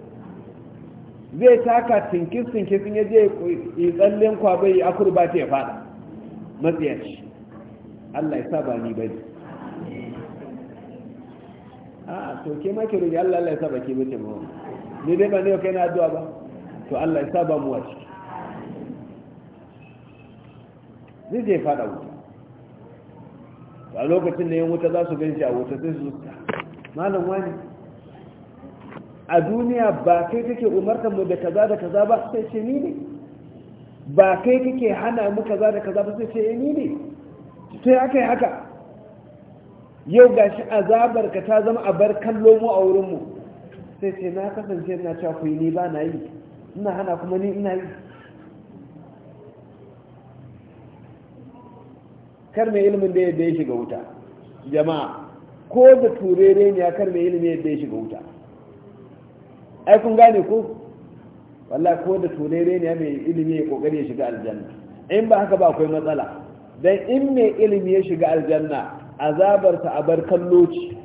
zai taka tinkis tinkis in yaje yi tsallen kwabai ya kurba ta ya fada matsiyar shi Allah ya saba ba ni bai. a to maki rugi Allah Allah ya sa ba ke bace ba ni dai ba ne kai na addu'a ba to Allah ya sa ba mu wace zai je fada wuta a lokacin da yin wuta za su gan a wuta sai su malam wani a duniya ba kai kake umartar mu da kaza da kaza ba sai ce ni ne ba kai kake hana mu kaza da kaza ba sai ce eh, ni ne sai aka yi haka yau gashi azabar ka ta zama a bar kallo mu a wurin mu sai ce na kasance na cewa ku ni ba na yi ina hana kuma ni ina yi kar mai ilimin da yadda ya shiga wuta jama'a ko da turere ne ya kar mai ilimin yadda ya shiga wuta ai kun gane ko wallahi ko da tulere ne mai ilimi ya kokari ya shiga aljanna in ba haka ba akwai matsala dan in mai ilimi ya shiga aljanna azabar ta abar kalloci.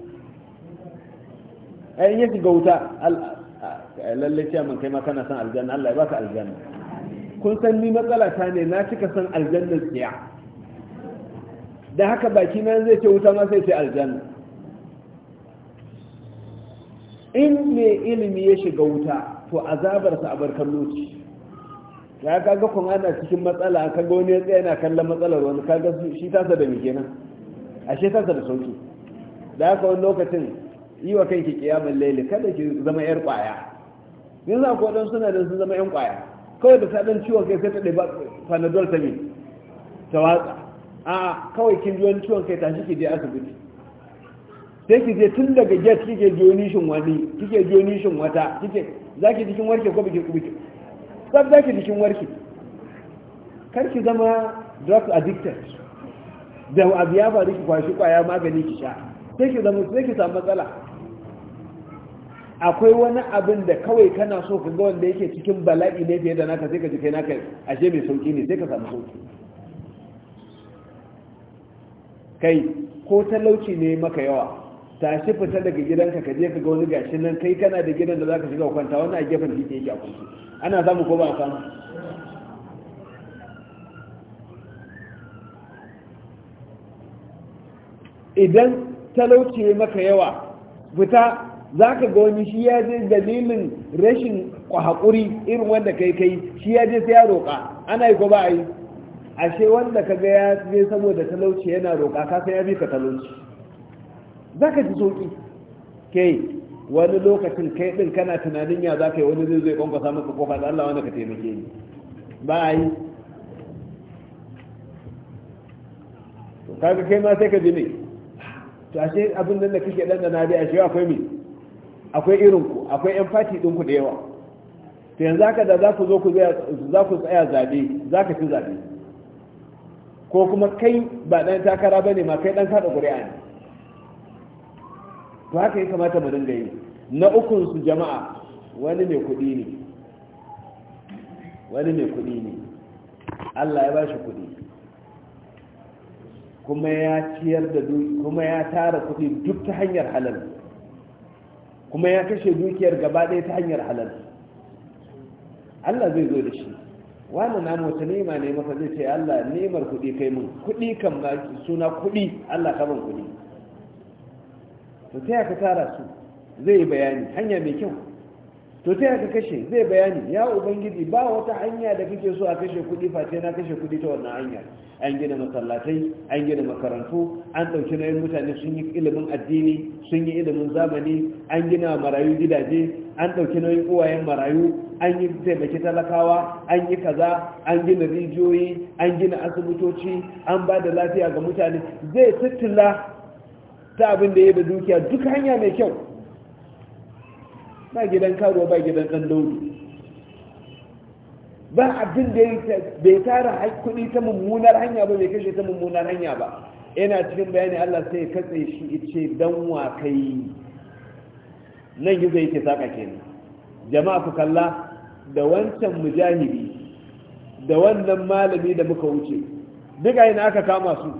ai ya shiga wuta lalle ce mun kai ma kana san aljanna Allah ya baka aljanna kun san ni matsala ta ne na cika san aljanna tsiya da haka baki na zai ce wuta ma sai ce aljanna in mai ilimi ya shiga wuta to azabarsa a barkar kallo ya kaga kun ana cikin matsala kaga wani ya tsaya yana kallon matsalar wani kaga shi tasa da mike nan ashe tasa da sauki da haka wani lokacin yi wa kanki kiyamun laili kada ki zama yar kwaya yanzu akwai wadansu suna da sun zama yan kwaya kawai da sadan ciwon kai sai ta ɗaya panadol ta ne ta watsa a kawai kin ji wani ciwon kai tashi ki je asibiti sai ki je tun daga jet kike jonishin wani kike jonishin wata kike zaki cikin warke ko biki kubuki sab zaki cikin warke kar ki zama drug addicted da abu ya faru ki kwashi kwaya magani ki sha sai ki zama sai ki samu matsala akwai wani abin da kawai kana so ka ga wanda yake cikin bala'i ne fiye da naka sai ka ji kai naka ashe mai sauki ne sai ka samu sauki kai ko talauci ne maka yawa tashi fita daga gidanka ka je ka ga wani gashi nan kai kana da gidan da zaka shiga kwanta wannan a gefen titi yake a kwanci ana samu ko ba a samu idan talauci maka yawa fita za ka ga wani shi ya je dalilin rashin haƙuri irin wanda kai kai shi ya je sai ya roƙa ana yi ko ba a yi ashe wanda ka ga ya je saboda talauci yana roƙa ka ya bi ka talauci za ka ji sauƙi ke wani lokacin kai ɗin kana tunanin ya za ka yi wani zai zai kwankwasa maka kofa da Allah wanda ka taimake ni ba a yi kaga kai ma sai ka ji ne to a ce abin nan da kake ɗan da na dai ce akwai mi akwai irin ku akwai yan fati din ku da yawa to yanzu haka da za ku zo ku za ku tsaya zabe za ka ci zabe ko kuma kai ba dan takara bane ma kai dan kada ƙuri'a ne to haka ya kamata mu dinga yi na ukun su jama'a wani mai kuɗi ne wani mai kuɗi ne Allah ya bashi kudi kuɗi kuma ya ciyar da kuma ya tara kuɗi duk ta hanyar halal kuma ya kashe dukiyar gaba ɗaya ta hanyar halal Allah zai zo da shi wani na mota nema ne masa zai ce Allah nemar kuɗi kai mun kuɗi kan suna kuɗi Allah ka ban kuɗi to ta ka tara su zai bayani hanya mai kyau to ta ka kashe zai bayani ya ubangiji ba wata hanya da kake so a kashe kuɗi face na kashe kuɗi ta wannan hanya an gina masallatai an gina makarantu an ɗauki nayin mutane sun yi ilimin addini sun yi ilimin zamani an gina marayu gidaje an ɗauki nayin uwayen marayu an yi taimaki talakawa an yi kaza an gina rijiyoyi an gina asibitoci an ba da lafiya ga mutane zai tattula ta abin da ya da dukiya duk hanya mai kyau ba gidan karuwa ba gidan ɗan daudu ba abin da bai tara kuɗi ta mummunar hanya ba bai kashe ta mummunar hanya ba yana cikin bayani Allah sai ya katse shi ice dan wakai kai nan gizo yake saka kenan jama'a ku kalla da wancan mujahidi da wannan malami da muka wuce duka yana aka kama su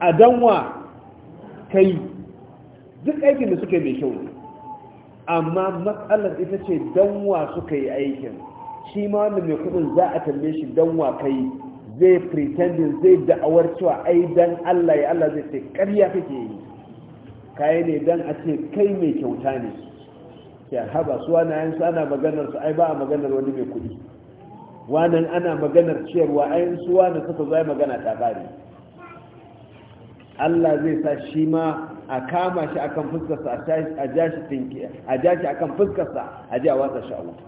a danwa kai duk aikin da suka yi mai kyau amma matsalar ita ce danwa suka yi aikin shi ma wanda mai kudin za a tambaye shi danwa kai zai pretending zai da'awar cewa ai dan Allah ya Allah zai ce ƙarya kake yi kayi ne dan a ce kai mai kyauta ne ya haba su wani ayin su ana maganar su ai ba a maganar wani mai kudi wannan ana maganar ciyarwa ayin su wani suka zai magana ta bari Allah zai sa shi ma a kama shi akan fuskarsa a ja shi tinki a ja shi akan fuskarsa a ji a watsa shi a wuta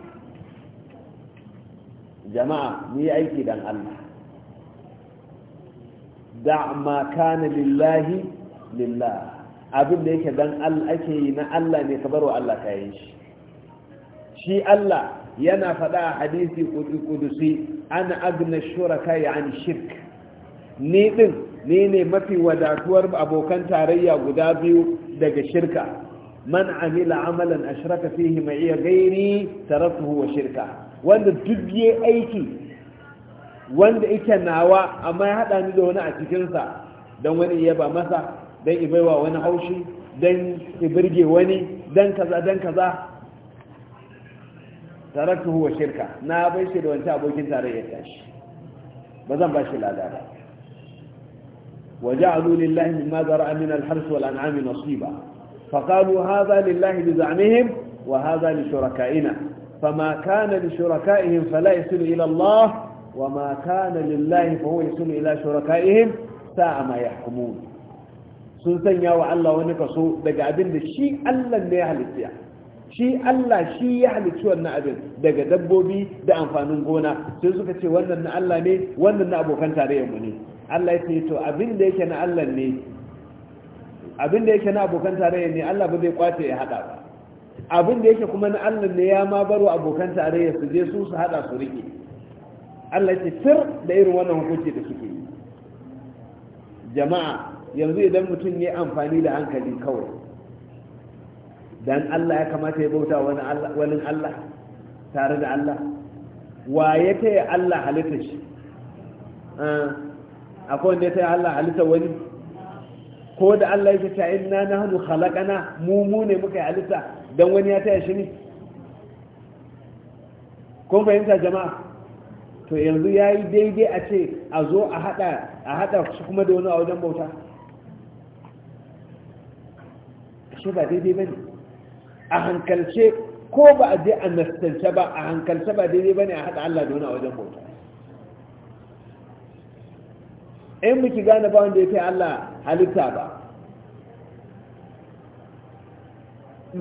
jama'a ni aiki dan Allah da ma kana lillahi lillah abin da yake dan Allah ake yi na Allah ne ka bar wa Allah kayan shi shi Allah yana faɗa a hadisi kudusi ana agna shuraka ya an shirk ni din ni ne mafi wadatuwar abokan tarayya guda biyu daga shirka man amila amalan ashraka fihi ma iya gairi wa shirka wanda duk aiki wanda yake nawa amma ya haɗa ni da wani a cikinsa don wani ya ba masa don ibaiwa wani haushi don ibirge wani don kaza don kaza tarasuhu wa shirka na bai shi da wancan abokin tarayya tashi ba zan ba shi lada ba وجعلوا لله مما ذرأ من الحرث والأنعام نصيبا فقالوا هذا لله بزعمهم وهذا لشركائنا فما كان لشركائهم فلا يصل إلى الله وما كان لله فهو يصل إلى شركائهم ساء ما يحكمون سنسن يا وعلا ونكسو دقى أبن الشيء ألا نيهل السياح shi Allah shi ya halicci wannan abin daga dabbobi da amfanin gona sai suka ce wannan na Allah ne wannan na abokan tarayyar mu ne Allah ya ce to abin da yake na Allah ne abin da yake na abokan tarayya ne Allah ba zai kwace ya hada ba abin da yake kuma na Allah ne ya ma baro abokan tarayya su je su su hada su rike Allah ya ce sir da irin wannan hukunci da suke jama'a yanzu idan mutum ya amfani da hankali kawai dan Allah ya kamata ya bauta wani Allah tare da Allah wa ya taya Allah halitta shi ah, akwai wanda ya sai Allah halitta wani ko da Allah yake ta inna nahnu khalaqana mu mu ne muka yi halitta dan wani ya taya shi ne kun fahimta jama'a to yanzu yayi daidai a ce a zo a hada a hada shi kuma da wani a wajen bauta shi ba daidai bane a hankalce ko ba a je a nastance ba a hankalce ba daidai bane a hada Allah da wani a wajen bauta in muke gane ba wanda ya kai Allah halitta ba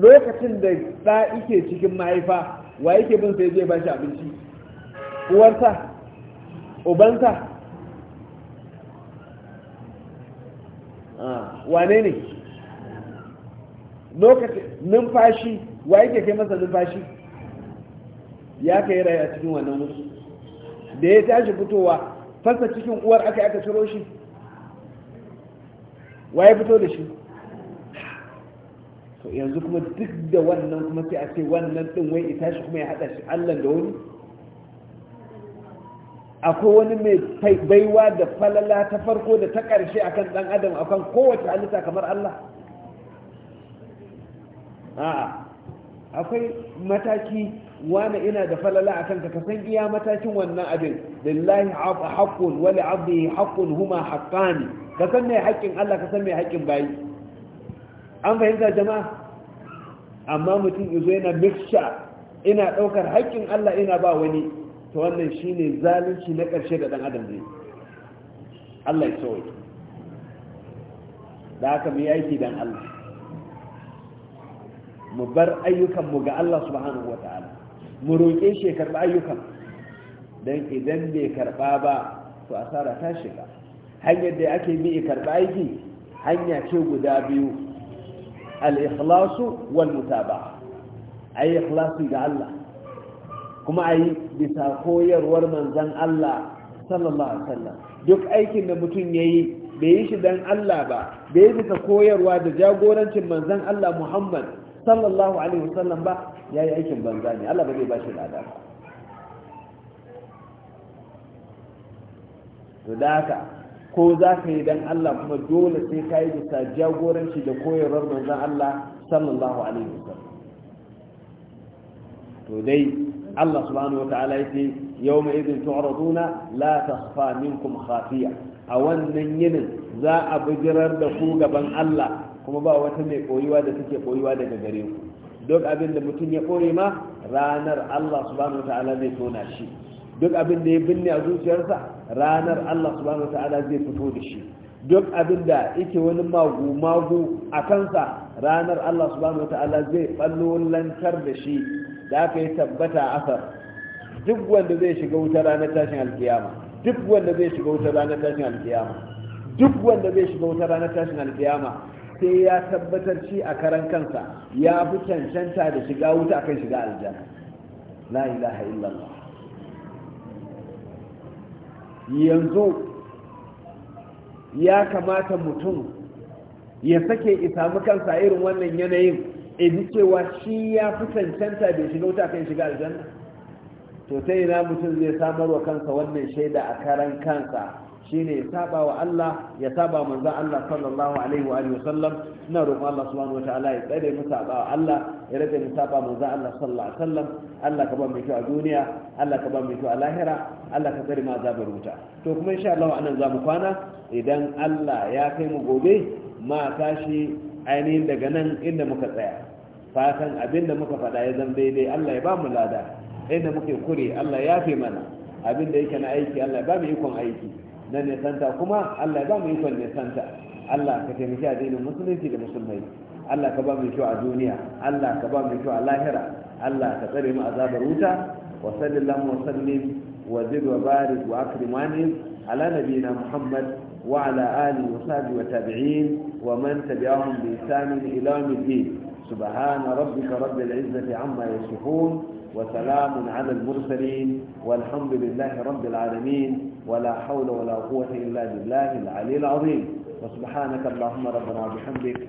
lokacin da ɗa ike cikin mahaifa wa yake bin sai je ba shi abinci uwarsa ubansa ah, wane ne lokacin numfashi wa yake kai masa numfashi ya kai raya cikin wannan musu. da ya tashi fitowa fasa cikin uwar aka aka ciro shi waye fito da shi to yanzu kuma duk da wannan kuma sai a ce wannan din wai ita shi kuma ya hada shi Allah da wani akwai wani mai baiwa da falala ta farko da ta karshe akan dan adam akan kowace halitta kamar Allah a'a akwai mataki wani ina da falala akan ka ka san iya matakin wannan abin lillahi haqqun wa li 'abdihi haqqun huma haqqani ka san me haƙƙin Allah ka san me haƙƙin bayi an fahimta jama'a amma mutum izo yana miksha ina ɗaukar haƙƙin Allah ina ba wani ta wannan shine zalunci na ƙarshe da ɗan adam zai Allah ya sauke da aka mu aiki dan Allah mu bar ayyukan mu ga Allah subhanahu wataala mu roƙe shi ya karɓi ayyukan don idan bai karba ba to asara ta shiga hanyar da ake bi karba aiki hanya ce guda biyu al-ikhlasu wal mutaba ayi ikhlasi ga Allah kuma ayi bisa koyarwar manzon Allah sallallahu alaihi wasallam duk aikin da mutum yayi bai yi shi dan Allah ba bai yi bisa koyarwa da jagorancin manzon Allah Muhammad sallallahu alaihi wasallam ba yayi aikin banza ne Allah ba zai ba shi lada ba to da haka ko za ka yi dan Allah kuma dole sai ka yi bisa jagoranci da koyarwar manzon Allah sallallahu alaihi wasallam to dai Allah subhanahu wataala yace yawma idin tu'raduna la takhfa minkum khafiya a wannan yinin za a bijirar da ku gaban Allah kuma ba wata mai koyuwa da take koyuwa daga gare ku duk abin da mutum ya koye ma ranar Allah subhanahu wataala zai tona shi duk abin da ya binne a zuciyarsa ranar Allah subhanahu ta'ala zai fito da shi duk abin da yake wani magu magu a kansa ranar Allah subhanahu ta'ala zai ballo lantar da shi da aka yi tabbata asar duk wanda zai shiga wuta ranar tashin alkiyama duk wanda zai shiga wuta ranar tashin alkiyama duk wanda zai shiga wuta ranar tashin alkiyama sai ya tabbatar shi a karan kansa ya fi cancanta da shiga wuta akan shiga aljanna la ilaha illallah yanzu ya kamata mutum ya sake isamu kansa irin wannan yanayin ebi cewa shi ya fi cancanta bai shiga wuta kan shiga aljanna to ta ina mutum zai samar kansa wannan shaida a karan kansa shine ya saba wa Allah ya saba manzo Allah sallallahu alaihi wa alihi wasallam ina roƙon Allah subhanahu wataala ya tsare mu saba wa Allah ya rage mu saba manzo Allah sallallahu alaihi wasallam Allah ka ba mu kyau a duniya Allah ka ba mu kyau a lahira Allah ka tsare ma azabar wuta to kuma insha Allah anan za mu kwana idan Allah ya kai mu gobe ma tashi ainihin daga nan inda muka tsaya fatan abinda muka faɗa ya zama daidai Allah ya ba mu lada inda muke kure Allah ya fi mana abinda yake na aiki Allah ya ba mu ikon aiki na nisanta kuma Allah ya ba mu ikon nisanta Allah ka taimaki addinin musulunci da musulmai Allah ka ba mu kyau a duniya Allah ka ba mu kyau a lahira Allah ka tsare mu azabar wuta wa sallallahu wa sallim wa zid wa barik wa akrimani ala nabiyina Muhammad wa ala alihi wa sahbihi wa tabi'in wa man tabi'ahum bi ihsan ila yawm الدين سبحان ربك رب العزة عما يصفون وسلام على المرسلين والحمد لله رب العالمين ولا حول ولا قوة إلا بالله العلي العظيم وسبحانك اللهم ربنا وبحمدك